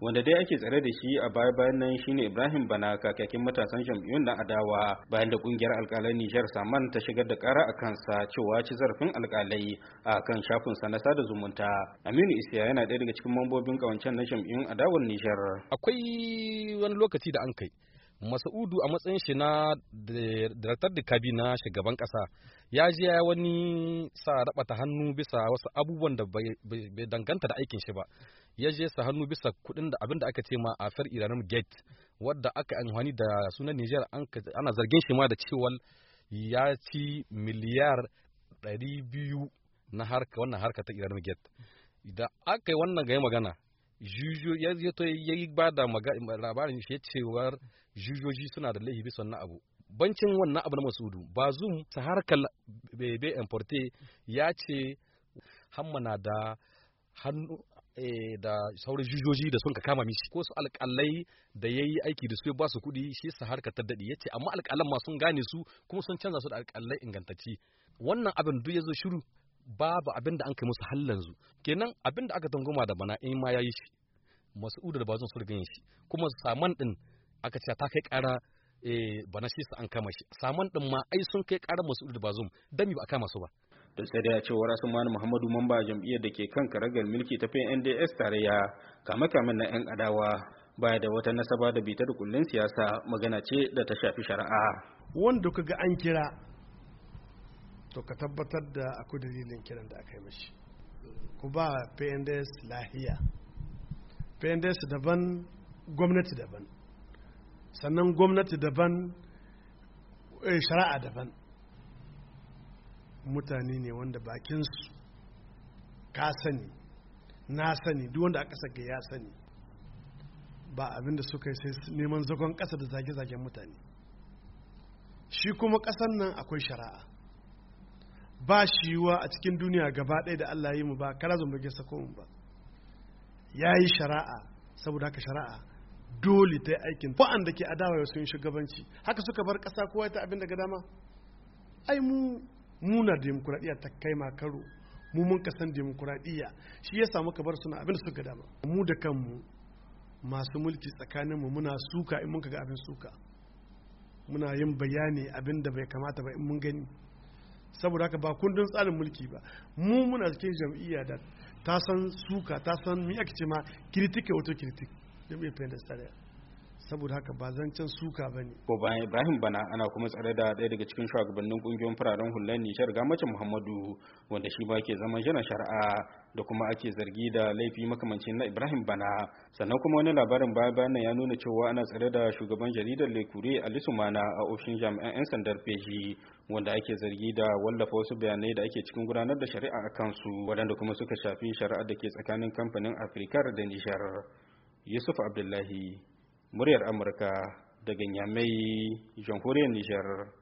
wanda dai ake tsare da shi a baya bayan nan shine Ibrahim Bana kakakin matasan jam'iyyun na adawa bayan da kungiyar alkalai Nijar Saman ta shigar da kara a kansa cewa ci zarafin alkalai a kan shafin sa na sada zumunta Aminu Isiya yana ɗaya daga cikin mambobin kawancen na jam'iyyun adawar Nijar akwai wani lokaci da an kai Masa'udu a matsayin shi na daraktar da kabi na shugaban kasa ya je ya wani sa rabata hannu bisa wasu abubuwan da bai danganta da aikin shi ba ya je sa hannu bisa kudin da abin da aka ce ma affair Iranian gate wadda aka amfani da sunan Niger ana zargin shi ma da cewa ya ci miliyar 200 na harka wannan harka ta Iranian gate da aka yi wannan ga magana jujo ya to ya ba da labarin shi cewar jujoji suna da laifi bisa wannan abu bancin wannan abu na masudu bazum ta harkar bebe importe ya ce na da hannu eh, da sauran jujoji da sun ka kama mishi ko su alƙalai da yayi aiki da su ya ba su kuɗi shi sa harkar ta daɗi ya ce amma alƙalan ma sun gane su kuma sun canza su da alƙalai ingantacci wannan abin duk ya zo shiru babu abin da an kai musu hallanzu kenan abin da aka tunguma da bana in ma yayi shi mas'udu da bazon sun shi kuma saman din aka ce ta kai kara eh, bana shi an kama shi saman din ma ai sun kai kara mas'udu da bazon dami ba a kama su ba da da ya cewar asumani muhammadu mamba jam'iyyar da ke kan karagar mulki ta pnds tarayya kama kamen na yan adawa baya da wata nasaba da bitar kullun siyasa magana ce da ta shafi shari'a wanda kaga an kira to ka tabbatar da aku dalilin kiran da aka yi mashi ku ba pnds lahiya pnds daban gwamnati daban sannan gwamnati daban eh, shari'a daban mutane ne wanda bakinsu ka sani na sani duk wanda aka saka ya sani ba abin da suka yi sai neman zagon ƙasa da zage-zagen mutane shi kuma ƙasan nan akwai shari'a ba shi yiwuwa a cikin duniya gaba ɗaya da Allah yi mu ba kara mu gesa ko mu ba ya yi shari'a saboda haka shari'a dole ta yi aikin da ke adawa ya sun shugabanci haka suka bar ƙasa kowa ta abin daga dama ai mu muna demokuraɗiyya ta kai makaro mu mun kasan demokuraɗiyya shi ya samu kabar suna abin da suka dama mu da kanmu masu mulki tsakanin mu muna suka in mun ga abin suka muna yin bayani abin da bai kamata ba in mun gani saboda haka ba kundin tsarin mulki ba mu muna cikin jam'iyya da ta san suka ta san mi ake ce ma critical auto critic jam'iyyar saboda haka ba zancen suka ba ne. Ko bayan ibrahim bana ana kuma tsare da ɗaya daga cikin shugabannin ƙungiyoyin fararen hular nijar gamace muhammadu wanda shi ba ke zaman jiran shari'a da kuma ake zargi da laifi makamancin na ibrahim bana sannan kuma wani labarin baya bayan ya nuna cewa ana tsare da shugaban jaridar lekure a sumana a ofishin jami'an 'yan sandar feshi wanda ake zargi da wallafa wasu bayanai da ake cikin gudanar da shari'a a kansu waɗanda kuma suka shafi shari'ar da ke tsakanin kamfanin afirkar da nijar yusuf abdullahi muryar amurka daga nyamai jamhuriyar nijar